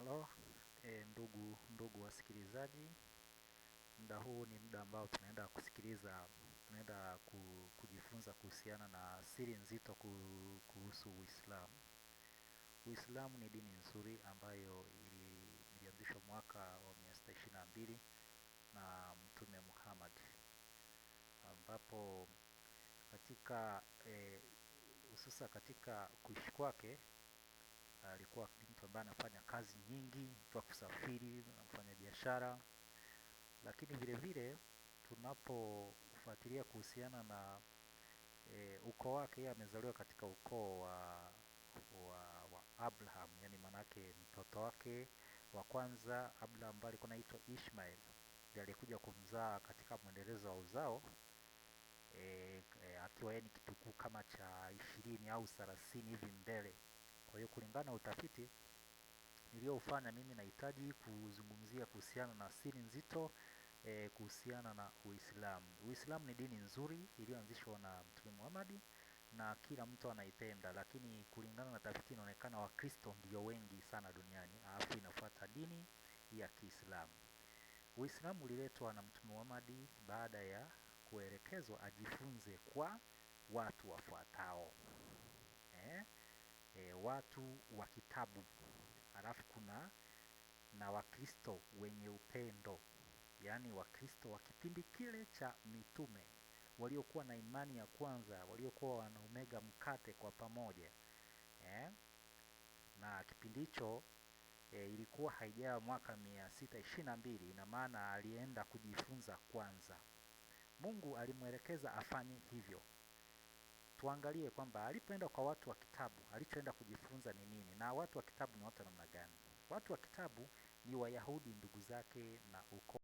Halo, e, ndugu ndugu wasikilizaji, muda huu ni muda ambao tunaenda kusikiliza, tunaenda kujifunza kuhusiana na siri nzito kuhusu Uislamu. Uislamu ni dini nzuri ambayo ilianzishwa mwaka wa mia na mbili na Mtume Muhammad, ambapo katika eh, hususa e, katika kuishi kwake alikuwa mtu ambaye anafanya kazi nyingi, mtu wa kusafiri na biashara, lakini vile vile tunapofuatilia kuhusiana na e, ukoo wake, yeye amezaliwa katika ukoo wa, wa, wa Abraham, yani manake mtoto wake wa kwanza Abraham ambaye alikuwa anaitwa Ishmael ndiye alikuja kumzaa katika mwendelezo wa uzao e, e, akiwa yeye ni kitukuu kama cha ishirini au thelathini hivi mbele. Kwa hiyo kulingana na utafiti nilioufanya mimi nahitaji kuzungumzia kuhusiana na siri nzito e, kuhusiana na uislamu. Uislamu ni dini nzuri iliyoanzishwa na mtume Muhammad na kila mtu anaipenda lakini kulingana na tafiti inaonekana wakristo ndio wengi sana duniani alafu inafuata dini ya kiislamu. Uislamu uliletwa na mtume Muhammad baada ya kuelekezwa ajifunze kwa watu wafuatao. Eh, watu wa kitabu halafu kuna na wakristo wenye upendo yaani wakristo wa kipindi kile cha mitume waliokuwa na imani ya kwanza waliokuwa wanaumega mkate kwa pamoja eh? na kipindi hicho e, ilikuwa haijawa mwaka mia sita ishirini na mbili ina maana alienda kujifunza kwanza mungu alimwelekeza afanye hivyo tuangalie kwamba alipoenda kwa watu wa kitabu alichoenda kujifunza ni nini, na watu wa kitabu ni watu wa namna gani? Watu wa kitabu ni Wayahudi ndugu zake na ukoo